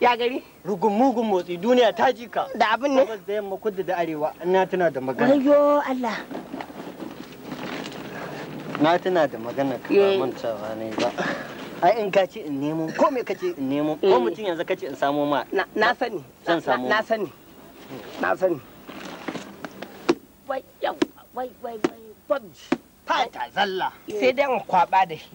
ya gari rugun mugun motsi duniya ta jika da abin ne kudu da arewa na tuna da magana wayo Allah na tuna da magana ka mantawa ne ba ai in ka ce in nemo ko me ka ce in nemo ko mm. mutum yanzu ka ce in samo ma na sani zan samo na sani na sani wai wai wai wai fata zalla sai dai in kwaba da shi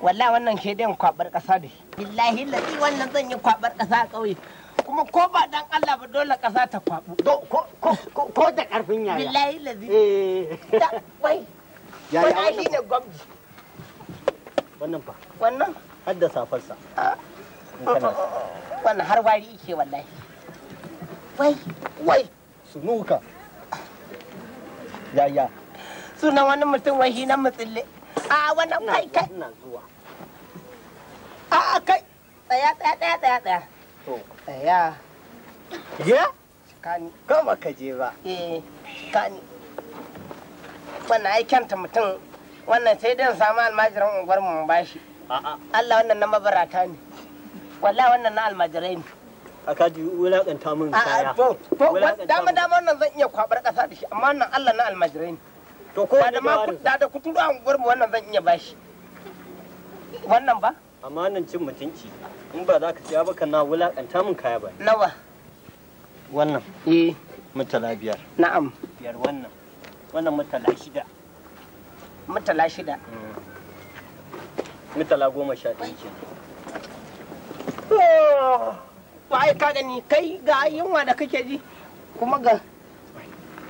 wallahi wannan ke den kwabar kasa da shi billahi lati wannan zan yi kwabar kasa a kauye kuma ko ba dan Allah ba dole kasa ta kwabu ko ko ko da karfin yaya billahi lati eh wai wannan shi ne gwamji wannan fa wannan haddasa farsa ah. wannan har wari yake wallahi wai wai sunuka yaya sunan wani mutum wai na mutsille a ah, wannan kai kai tsaya tsaya tsaya tsaya tsaya to tsaya je kani gama ka je ba eh kani wannan ai kyanta mutum wannan sai dan samu almajiran unguwar mu bashi a'a Allah wannan na mabarata ne wallahi wannan na almajirai ne a kaji wulakanta min kaya to dama dama wannan zan iya kwabar kasa da shi amma wannan Allah na almajirai ne to ko da da da unguwar mu wannan zan iya bashi wannan ba amma nan cin mutunci in ba za ka siya ba na wulakanta min kaya ba nawa wannan eh mutala biyar na'am biyar wannan wannan mutala shida mutala shida hmm. mutala goma sha ɗaya ke ba ai ka gani kai ga yunwa da kake ji kuma ga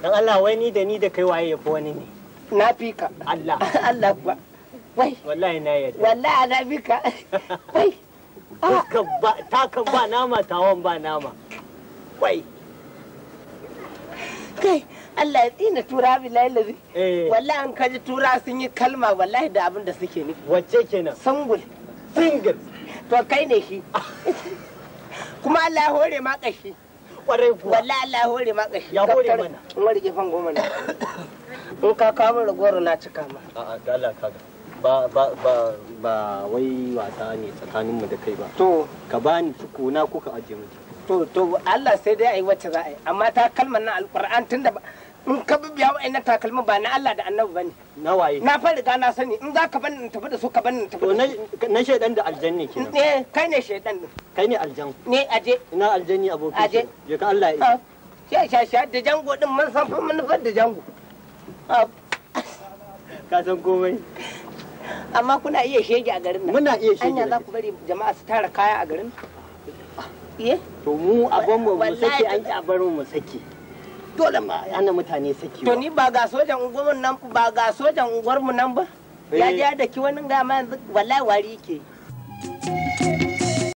dan Allah wai ni da ni da kai waye ya fi wani ne na fi ka Allah Allah kuwa wai wallahi na yadda wallahi na bi ka wai ah. ta kan ba nama tawon ba nama wai kai Allah ya tsina tura bi lailazi eh. wallahi an kaji tura sun yi kalma wallahi da abin da suke nufi wacce kenan singul singul to kai ne shi ah. kuma Allah ya hore ma kashi kwarai kuwa wallahi Allah ya hore ma kashi ya hore mana in rike fan goma ne in ka kawo ragowar na cika ma a'a Allah kaga ba ba ba ba wai wasa ne tsakanin mu da kai ba to ka bani tukuna ko ka aje mu to to Allah sai dai ai wacce za a yi amma ta kalmar na alquran tunda in ka biya wa'annan takalmin ba na Allah da annabi bane na waye na fa riga na sani in za ka bani in tafi da su ka bani in tafi to na shaidan da aljanni kina Eh, kai ne shaidan din kai ne aljan ne aje ina aljanni abokin aje je ka Allah ya ah, sha sha sha da jango din mun san fa fa da jango ah. ka san komai amma kuna iya shege a garin nan muna iya shege anya za ku bari jama'a su tara kaya a garin ye to mu a mu mu saki an ki a barin mu saki dole ma ana mutane saki to ni ba ga sojan unguwar nan ba ga sojan unguwar mu nan ba ya eh. ja da ki wani ga ma yanzu wallahi wari yake thank you